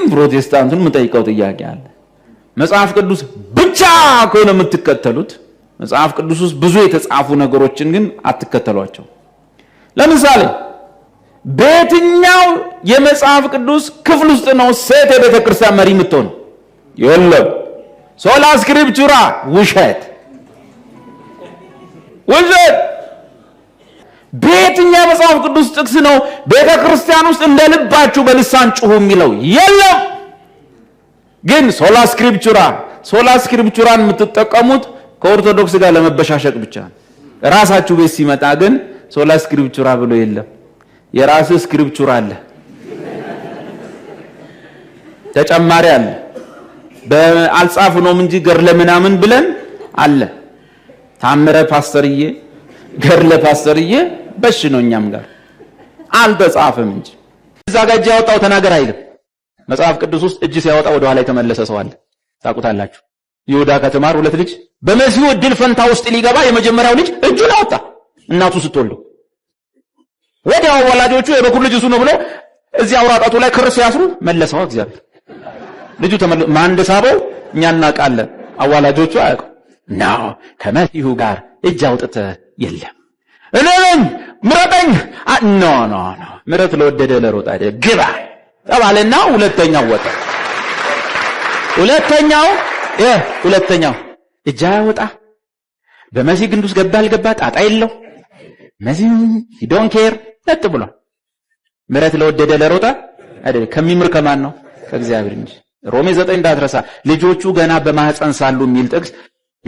ግን ፕሮቴስታንቱን የምጠይቀው ጥያቄ አለ። መጽሐፍ ቅዱስ ብቻ ከሆነ የምትከተሉት መጽሐፍ ቅዱስ ውስጥ ብዙ የተጻፉ ነገሮችን ግን አትከተሏቸው። ለምሳሌ በየትኛው የመጽሐፍ ቅዱስ ክፍል ውስጥ ነው ሴት የቤተ ክርስቲያን መሪ የምትሆነው? የለም። ሶላ ውሸት ውሸት በየትኛው መጽሐፍ ቅዱስ ጥቅስ ነው ቤተ ክርስቲያን ውስጥ እንደ ልባችሁ በልሳን ጩሁ የሚለው? የለም። ግን ሶላ ስክሪፕቹራ ሶላ ስክሪፕቹራን የምትጠቀሙት ከኦርቶዶክስ ጋር ለመበሻሸቅ ብቻ ራሳችሁ ቤት ሲመጣ ግን ሶላ ስክሪፕቹራ ብሎ የለም። የራስ ስክሪፕቹራ አለ፣ ተጨማሪ አለ። በአልጻፍ ነው እንጂ ገርለ ምናምን ብለን አለ ታምረ ፓስተርዬ ገርለ ፓስተርዬ በሽ ነው እኛም ጋር አልተጻፈም እንጂ እዛ ጋር እጅ ያወጣው ተናገር አይልም። መጽሐፍ ቅዱስ ውስጥ እጅ ሲያወጣ ወደ ኋላ የተመለሰ ሰው አለ። ታውቁታላችሁ። ይሁዳ ከትማር ሁለት ልጅ በመሲሁ እድል ፈንታ ውስጥ ሊገባ የመጀመሪያው ልጅ እጁን አወጣ እናቱ ስትወልደው። ወዲያው ወላጆቹ የበኩር ልጅ እሱ ነው ብለው እዚህ አውራጣቱ ላይ ክር ሲያስሩ መለሰው እግዚአብሔር። ልጁ ተመለሰ። ማን እንደሳበው እኛ እናውቃለን። አዋላጆቹ አያውቁም። ና ከመሲሁ ጋር እጅ አውጥተህ የለም እኔ ምረጠኝ። ኖ ኖ ኖ ምረት ለወደደ ለሮጥ አይደለም። ግባ ተባለና ሁለተኛው ወጣ። ሁለተኛው እ ሁለተኛው እጅ አያወጣ በመሲ ግንድ ውስጥ ገባ አልገባ ጣጣ የለው። መሲ ዶን ኬር ለጥ ብሎ ምረት ለወደደ ለሮጠ አይደል? ከሚምር ከማን ነው? ከእግዚአብሔር እንጂ። ሮሜ ዘጠኝ እንዳትረሳ ልጆቹ ገና በማህፀን ሳሉ የሚል ጥቅስ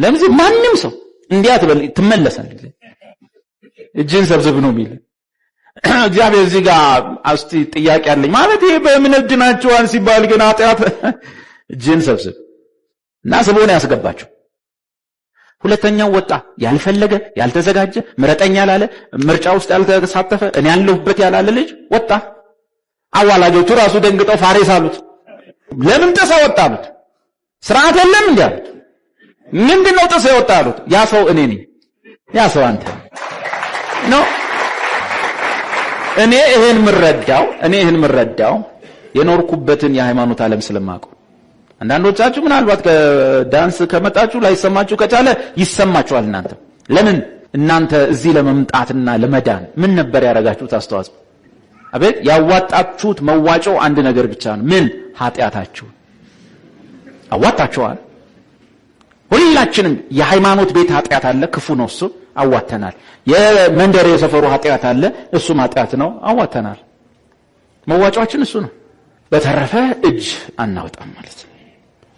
ለምዚህ ማንም ሰው እንዲያ ትመለሳል። እጅን ሰብስብ ነው የሚል እግዚአብሔር እዚህ ጋር አስቲ ጥያቄ አለኝ ማለት ይሄ በእምነት ድናችኋል ሲባል ግን ኃጢአት እጅን ሰብስብ እና ስቦን ያስገባቸው። ሁለተኛው ወጣ ያልፈለገ ያልተዘጋጀ ምረጠኝ ያላለ ምርጫ ውስጥ ያልተሳተፈ እኔ ያለሁበት ያላለ ልጅ ወጣ። አዋላጆቹ ራሱ ደንግጠው ፋሬስ አሉት። ለምን ጥሰህ ወጣ አሉት። ስርዓት የለም እንዲህ አሉት። ምንድን ነው ወጣ አሉት። ያ ሰው እኔ ነኝ፣ ያ ሰው አንተ ነው። እኔ ይሄን ምረዳው እኔ ይሄን ምረዳው የኖርኩበትን የሃይማኖት ዓለም ስለማውቀው አንዳንዶቻችሁ ምናልባት ከዳንስ ከመጣችሁ ላይሰማችሁ ከቻለ ይሰማችኋል። እናንተ ለምን እናንተ እዚህ ለመምጣትና ለመዳን ምን ነበር ያደረጋችሁት አስተዋጽኦ? አቤት ያዋጣችሁት መዋጮ አንድ ነገር ብቻ ነው። ምን ኃጢአታችሁን አዋጣችኋል። ሁላችንም የሃይማኖት ቤት ኃጢአት አለ፣ ክፉ ነው እሱ። አዋተናል። የመንደር የሰፈሩ ኃጢአት አለ፣ እሱም ኃጢአት ነው፣ አዋተናል። መዋጫችን እሱ ነው። በተረፈ እጅ አናወጣም ማለት ነው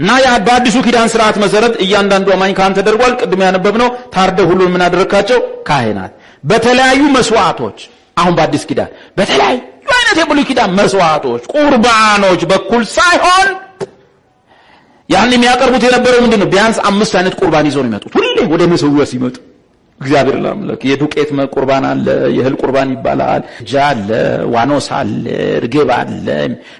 እና ያ በአዲሱ ኪዳን ስርዓት መሰረት እያንዳንዱ አማኝ ካህን ተደርጓል። ቅድም ያነበብነው ታርደው ሁሉን የምናደረግካቸው ካህናት በተለያዩ መስዋዕቶች አሁን በአዲስ ኪዳን በተለያዩ አይነት የብሉይ ኪዳን መስዋዕቶች፣ ቁርባኖች በኩል ሳይሆን ያን የሚያቀርቡት የነበረው ምንድን ነው? ቢያንስ አምስት አይነት ቁርባን ይዘው ነው የሚመጡት። ሁሌ ወደ መሰዊያ ሲመጡ እግዚአብሔር ለአምላክ የዱቄት ቁርባን አለ፣ የእህል ቁርባን ይባላል። ጃ አለ፣ ዋኖስ አለ፣ ርግብ አለ፣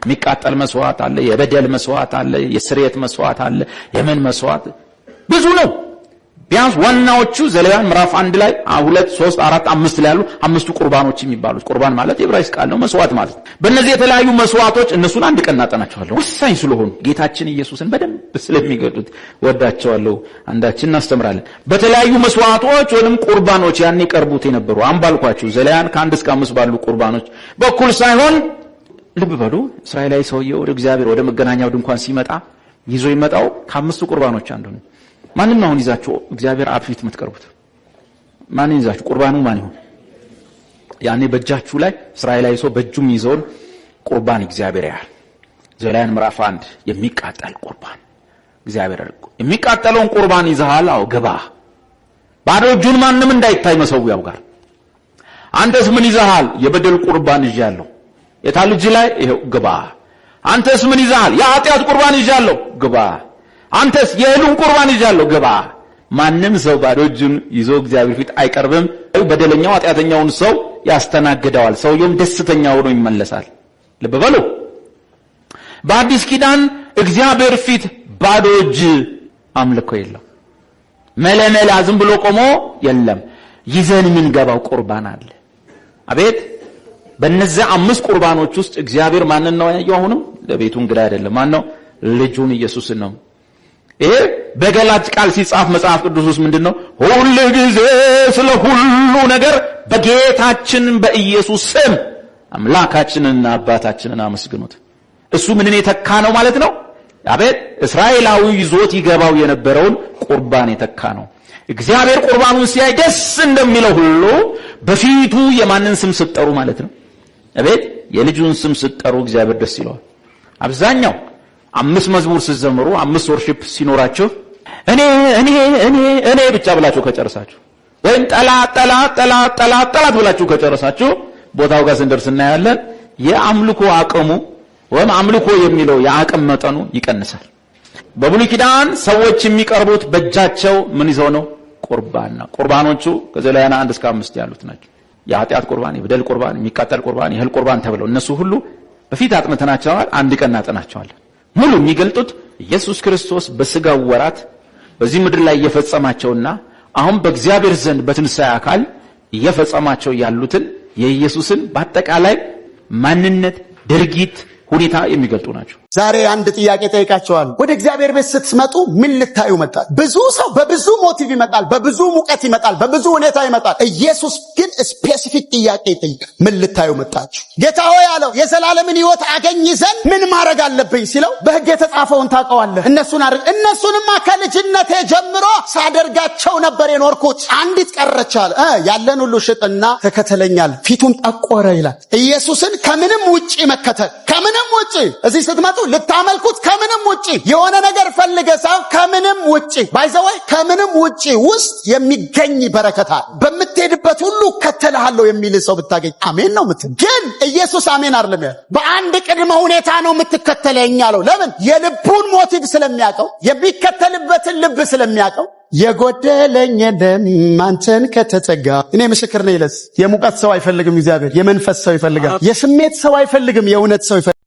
የሚቃጠል መስዋዕት አለ፣ የበደል መስዋዕት አለ፣ የስርየት መስዋዕት አለ፣ የምን መስዋዕት ብዙ ነው። ቢያንስ ዋናዎቹ ዘሌዋውያን ምዕራፍ አንድ ላይ ሁለት ሶስት አራት አምስት ላይ ያሉ አምስቱ ቁርባኖች የሚባሉት ቁርባን ማለት የዕብራይስጥ ቃል ነው መስዋዕት ማለት በእነዚህ የተለያዩ መስዋዕቶች እነሱን አንድ ቀን እናጠናቸዋለሁ ወሳኝ ስለሆኑ ጌታችን ኢየሱስን በደንብ ስለሚገዱት ወዳቸዋለሁ አንዳችን እናስተምራለን በተለያዩ መስዋዕቶች ወይም ቁርባኖች ያን ቀርቡት የነበሩ አንባልኳችሁ ዘሌዋውያን ከአንድ እስከ አምስት ባሉ ቁርባኖች በኩል ሳይሆን ልብ በሉ እስራኤላዊ ሰውየ ወደ እግዚአብሔር ወደ መገናኛው ድንኳን ሲመጣ ይዞ ይመጣው ከአምስቱ ቁርባኖች አንዱ ነው ማንን ነው አሁን ይዛችሁ እግዚአብሔር አብ ፊት የምትቀርቡት? ማንን ይዛችሁ? ቁርባኑ ማን ይሆን? ያኔ በእጃችሁ ላይ እስራኤላዊ ሰው በእጁም ይዘውን ቁርባን እግዚአብሔር ያህል ዘሌዋውያን ምዕራፍ አንድ የሚቃጠል ቁርባን እግዚአብሔር የሚቃጠለውን ቁርባን ይዘሃል። አዎ ግባ። ባዶ እጁን ማንም እንዳይታይ መሰዊያው ጋር። አንተስ ምን ይዘሃል? የበደል ቁርባን ይዣለሁ። የታ ልጅ ላይ ይሄው ግባ። አንተስ ምን ይዘሃል? የኃጢአት ቁርባን ይዣለሁ። ግባ አንተስ የእህሉን ቁርባን ይዣለሁ ግባ። ማንም ሰው ባዶ እጁን ይዞ እግዚአብሔር ፊት አይቀርብም። በደለኛው ኃጢአተኛውን ሰው ያስተናግደዋል፣ ሰውየውም ደስተኛ ሆኖ ይመለሳል። ልብ በሉ። በአዲስ ኪዳን እግዚአብሔር ፊት ባዶ እጅ አምልኮ የለም። መለመላ ዝም ብሎ ቆሞ የለም። ይዘን የምንገባው ቁርባን አለ። አቤት በእነዚያ አምስት ቁርባኖች ውስጥ እግዚአብሔር ማንን ነው ያየው? አሁንም ለቤቱ እንግዳ አይደለም። ማን ነው? ልጁን ኢየሱስን ነው ይሄ በገላጭ ቃል ሲጻፍ መጽሐፍ ቅዱስ ውስጥ ምንድን ነው? ሁል ጊዜ ስለ ሁሉ ነገር በጌታችን በኢየሱስ ስም አምላካችንንና አባታችንን አመስግኑት። እሱ ምንን የተካ ነው ማለት ነው? አቤት እስራኤላዊ ይዞት ይገባው የነበረውን ቁርባን የተካ ነው። እግዚአብሔር ቁርባኑን ሲያይ ደስ እንደሚለው ሁሉ በፊቱ የማንን ስም ስጠሩ ማለት ነው? አቤት የልጁን ስም ስትጠሩ እግዚአብሔር ደስ ይለዋል። አብዛኛው አምስት መዝሙር ሲዘምሩ አምስት ወርሺፕ ሲኖራችሁ እኔ እኔ እኔ እኔ ብቻ ብላችሁ ከጨረሳችሁ ወይም ጠላት ጠላት ጠላት ጠላት ጠላት ብላችሁ ከጨረሳችሁ ቦታው ጋር ስንደርስ እናያለን የአምልኮ አቅሙ ወይም አምልኮ የሚለው የአቅም መጠኑ ይቀንሳል። በብሉይ ኪዳን ሰዎች የሚቀርቡት በእጃቸው ምን ይዘው ነው? ቁርባንና ቁርባኖቹ ከዘሌዋውያን አንድ እስከ አምስት ያሉት ናቸው። የኃጢአት ቁርባን፣ የበደል ቁርባን፣ የሚቃጠል ቁርባን፣ የእህል ቁርባን ተብለው እነሱ ሁሉ በፊት አጥንተናቸዋል። አንድ ቀን እናጠናቸዋለን። ሙሉ የሚገልጡት ኢየሱስ ክርስቶስ በስጋው ወራት በዚህ ምድር ላይ እየፈጸማቸውና አሁን በእግዚአብሔር ዘንድ በትንሣኤ አካል እየፈጸማቸው ያሉትን የኢየሱስን በአጠቃላይ ማንነት፣ ድርጊት፣ ሁኔታ የሚገልጡ ናቸው። ዛሬ አንድ ጥያቄ ጠይቃቸዋል። ወደ እግዚአብሔር ቤት ስትመጡ ምን ልታዩ መጣል? ብዙ ሰው በብዙ ሞቲቭ ይመጣል፣ በብዙ ሙቀት ይመጣል፣ በብዙ ሁኔታ ይመጣል። ኢየሱስ ግን ስፔሲፊክ ጥያቄ ይጠይቃል። ምን ልታዩ መጣችሁ? ጌታ ሆይ አለው የዘላለምን ህይወት አገኝ ዘንድ ምን ማድረግ አለብኝ ሲለው በህግ የተጻፈውን ታውቀዋለህ፣ እነሱን አድርግ። እነሱንማ ከልጅነቴ ጀምሮ ሳደርጋቸው ነበር የኖርኩት። አንዲት ቀረቻል። ያለን ሁሉ ሽጥና ተከተለኛል። ፊቱም ጠቆረ ይላል። ኢየሱስን ከምንም ውጭ መከተል ከምንም ውጭ እዚህ ስትመጡ ልታመልኩት ከምንም ውጪ የሆነ ነገር ፈልገ ሳይሆን ከምንም ውጪ ባይዘወይ ከምንም ውጪ ውስጥ የሚገኝ በረከታ በምትሄድበት ሁሉ እከተልሃለሁ የሚል ሰው ብታገኝ አሜን ነው ምትል። ግን ኢየሱስ አሜን አይደለም። በአንድ ቅድመ ሁኔታ ነው የምትከተለኝ አለው። ለምን? የልቡን ሞቲቭ ስለሚያውቀው የሚከተልበትን ልብ ስለሚያውቀው የጎደለኝ ደም አንተን ከተጠጋ እኔ ምስክር ነኝ። ይለስ የሙቀት ሰው አይፈልግም እግዚአብሔር። የመንፈስ ሰው ይፈልጋል። የስሜት ሰው አይፈልግም። የእውነት ሰው ይፈልጋል።